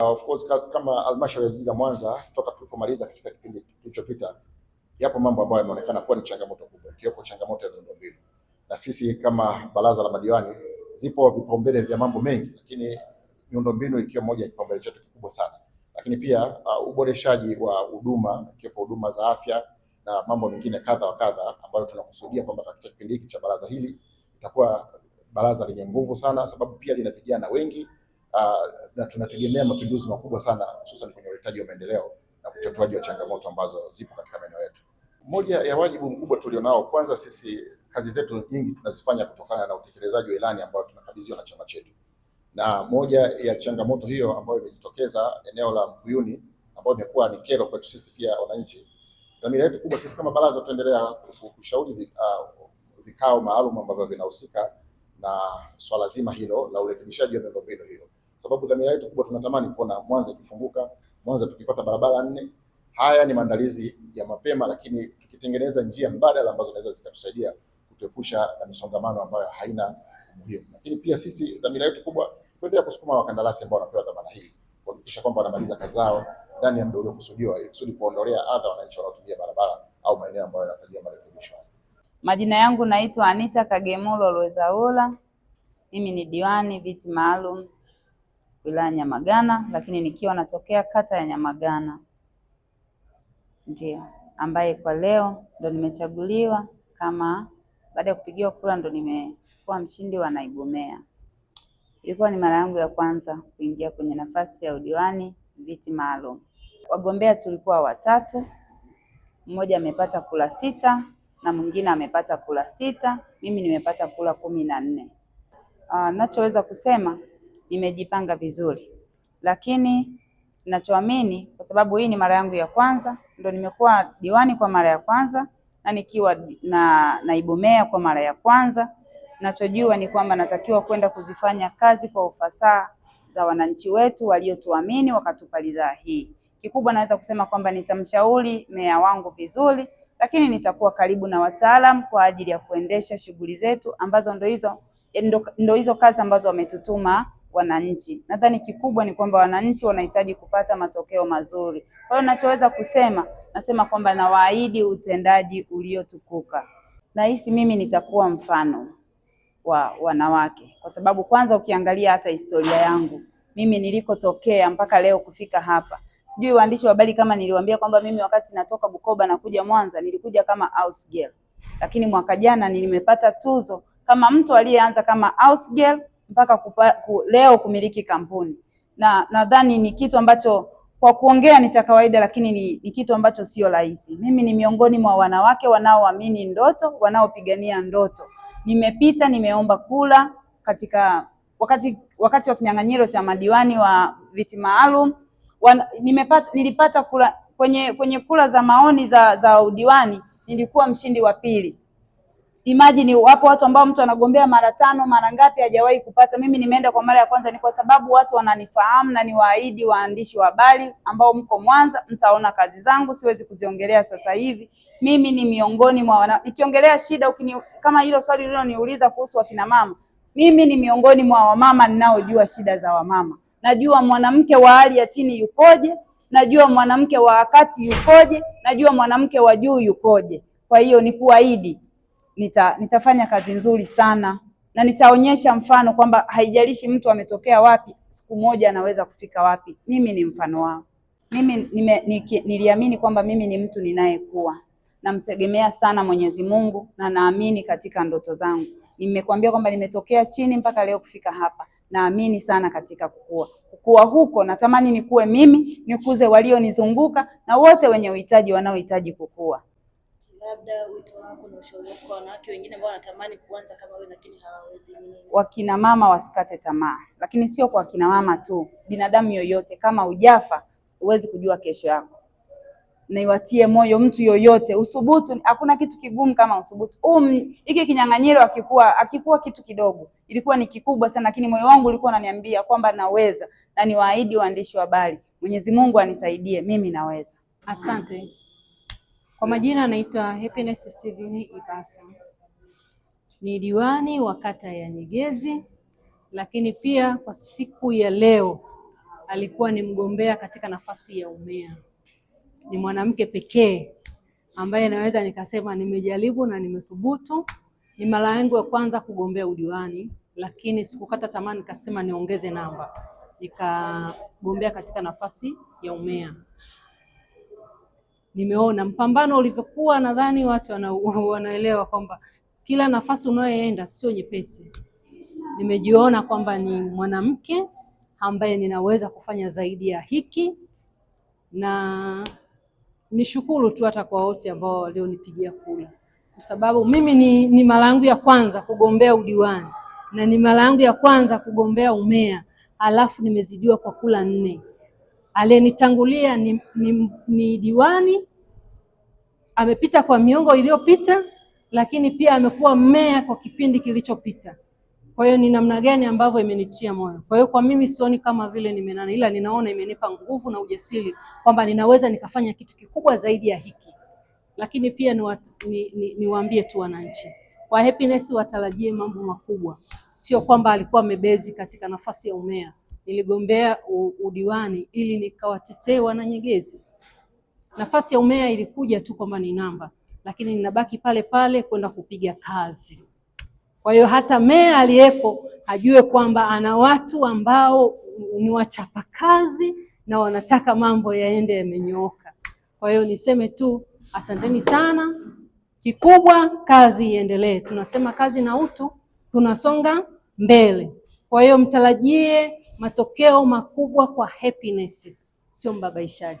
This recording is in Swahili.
Uh, of course kama halmashauri ya jiji la Mwanza toka tulipomaliza katika kipindi kilichopita, yapo mambo ambayo yameonekana kuwa ni changamoto kubwa, ikiwepo changamoto ya miundombinu, na sisi kama baraza la madiwani, zipo vipaumbele vya mambo mengi, lakini miundombinu ikiwa moja ya kipaumbele chetu kikubwa sana, lakini pia uh, uboreshaji wa huduma, ikiwepo huduma za afya na mambo mengine kadha wa kadha, ambayo tunakusudia kwamba katika kipindi hiki cha baraza hili itakuwa baraza lenye nguvu sana, sababu pia lina vijana wengi uh, na tunategemea mapinduzi makubwa sana hususan kwenye uletaji wa maendeleo na utatuaji wa changamoto ambazo zipo katika maeneo yetu. Moja ya wajibu mkubwa tulionao, kwanza sisi kazi zetu nyingi tunazifanya kutokana na utekelezaji wa ilani ambayo tunakabidhiwa na chama chetu, na moja ya changamoto hiyo ambayo imejitokeza eneo la Mkuyuni ambayo imekuwa ni kero kwetu sisi pia wananchi. Dhamira yetu kubwa sisi kama baraza tutaendelea kushauri ah, vikao maalum ambavyo vinahusika na swala zima hilo la urekebishaji wa miundombinu hiyo sababu dhamira yetu kubwa tunatamani kuona Mwanza ikifunguka, Mwanza tukipata barabara nne. Haya ni maandalizi ya mapema, lakini tukitengeneza njia mbadala ambazo zinaweza zikatusaidia kutuepusha na misongamano ambayo haina umuhimu. Lakini pia sisi dhamira yetu kubwa kuendelea kusukuma wakandarasi ambao wanapewa dhamana hii kuhakikisha kwamba wanamaliza kazi zao ndani ya muda uliokusudiwa ili kusudi kuondolea adha wananchi wanaotumia barabara au maeneo ambayo yanafanyiwa marekebisho. Majina yangu naitwa Anita Kagemolo Lwezaula. Mimi ni diwani viti maalum wilaya ya Nyamagana, lakini nikiwa natokea kata ya Nyamagana, ndio ambaye kwa leo ndo nimechaguliwa kama baada ya kupigiwa kura ndo nimekuwa mshindi wa naibu meya. Ilikuwa ni mara yangu ya kwanza kuingia kwenye nafasi ya udiwani viti maalum. Wagombea tulikuwa watatu, mmoja amepata kura sita na mwingine amepata kura sita, mimi nimepata kura kumi na nne. Ah, Nachoweza kusema imejipanga vizuri, lakini nachoamini kwa sababu hii ni mara yangu ya kwanza, ndo nimekuwa diwani kwa mara ya kwanza na nikiwa na naibu meya kwa mara ya kwanza, nachojua ni kwamba natakiwa kwenda kuzifanya kazi kwa ufasaha za wananchi wetu waliotuamini wakatupa ridhaa hii. Kikubwa naweza kusema kwamba nitamshauri meya wangu vizuri, lakini nitakuwa karibu na wataalam kwa ajili ya kuendesha shughuli zetu ambazo ndo hizo ndo hizo kazi ambazo wametutuma wananchi. Nadhani kikubwa ni kwamba wananchi wanahitaji kupata matokeo mazuri. Kwa hiyo ninachoweza kusema, nasema kwamba nawaahidi utendaji uliotukuka. Nahisi mimi nitakuwa mfano wa wanawake, kwa sababu kwanza ukiangalia hata historia yangu mimi nilikotokea mpaka leo kufika hapa, sijui waandishi wa habari kama niliwaambia kwamba mimi wakati natoka Bukoba nakuja Mwanza nilikuja kama house girl, lakini mwaka jana nimepata tuzo kama mtu aliyeanza kama house girl mpaka kupa, ku, leo kumiliki kampuni, na nadhani ni kitu ambacho kwa kuongea ni cha kawaida, lakini ni, ni kitu ambacho sio rahisi. Mimi ni miongoni mwa wanawake wanaoamini ndoto, wanaopigania ndoto. Nimepita, nimeomba kula katika wakati wakati wa kinyang'anyiro cha madiwani wa viti maalum nimepata, nilipata kula kwenye kwenye kula za maoni za za udiwani nilikuwa mshindi wa pili. Imagine wapo watu ambao mtu anagombea mara tano mara ngapi hajawahi kupata. Mimi nimeenda kwa mara ya kwanza, ni kwa sababu watu wananifahamu na niwaahidi waandishi wa habari ambao mko Mwanza, mtaona kazi zangu, siwezi kuziongelea sasa hivi. Mimi ni miongoni mwa wana... nikiongelea shida ukini... kama hilo swali liloniuliza kuhusu wakina mama, mimi ni miongoni mwa wamama ninaojua shida za wamama. Najua mwanamke wa hali ya chini yukoje, najua mwanamke wa wakati yukoje, najua mwanamke wa juu yukoje. Kwa hiyo ni kuahidi nita, nitafanya kazi nzuri sana na nitaonyesha mfano kwamba haijalishi mtu ametokea wapi, siku moja anaweza kufika wapi. Mimi ni mfano wao. Mimi nime, niki, niliamini kwamba mimi ni mtu ninayekuwa namtegemea sana Mwenyezi Mungu na naamini katika ndoto zangu. Nimekwambia kwamba nimetokea chini mpaka leo kufika hapa. Naamini sana katika kukua. Kukua huko natamani nikuwe mimi, nikuze walionizunguka na wote wenye uhitaji wanaohitaji kukua labda wito wako na ushauri wako kwa wanawake wengine ambao wanatamani kuanza kama wewe lakini hawawezi? Wakina mama wasikate tamaa, lakini sio kwa wakina mama tu, binadamu yoyote. Kama ujafa huwezi kujua kesho yako. Naiwatie moyo mtu yoyote, usubutu. Hakuna kitu kigumu kama usubutu. Hiki kinyang'anyiro akikuwa akikuwa kitu kidogo, ilikuwa ni kikubwa sana, lakini moyo wangu ulikuwa unaniambia kwamba naweza, na niwaahidi waandishi wa habari, Mwenyezi Mungu anisaidie, mimi naweza. Asante. Kwa majina anaitwa Happiness Steven Ibasa, ni diwani wa kata ya Nyegezi, lakini pia kwa siku ya leo alikuwa ni mgombea katika nafasi ya umea. Ni mwanamke pekee ambaye naweza nikasema nimejaribu na nimethubutu. Ni mara yangu ya kwanza kugombea udiwani, lakini sikukata tamaa, nikasema niongeze namba, nikagombea katika nafasi ya umea nimeona mpambano ulivyokuwa. Nadhani watu wana, wanaelewa kwamba kila nafasi unayoenda sio nyepesi. Nimejiona kwamba ni mwanamke ambaye ninaweza kufanya zaidi ya hiki, na nishukuru tu hata kwa wote ambao walionipigia kula, kwa sababu mimi ni, ni mara yangu ya kwanza kugombea udiwani na ni mara yangu ya kwanza kugombea umea, alafu nimezidiwa kwa kula nne. Aliyenitangulia ni, ni, ni diwani, amepita kwa miongo iliyopita, lakini pia amekuwa meya kwa kipindi kilichopita. Kwa hiyo ni namna gani ambavyo imenitia moyo. Kwa hiyo kwa mimi sioni kama vile nimenana, ila ninaona imenipa nguvu na ujasiri kwamba ninaweza nikafanya kitu kikubwa zaidi ya hiki. Lakini pia niwaambie ni, ni, ni tu wananchi kwa Happiness watarajie mambo makubwa, sio kwamba alikuwa amebezi katika nafasi ya umeya niligombea udiwani ili nikawatetee Wananyegezi. Nafasi ya umea ilikuja tu kwamba ni namba, lakini ninabaki pale pale kwenda kupiga kazi. Kwa hiyo hata meya aliyepo ajue kwamba ana watu ambao ni kazi na wanataka mambo yaende yamenyooka. Kwa hiyo niseme tu asanteni sana, kikubwa kazi iendelee. Tunasema kazi na utu, tunasonga mbele. Kwa hiyo mtarajie matokeo makubwa kwa Happiness, sio mbabaishaji.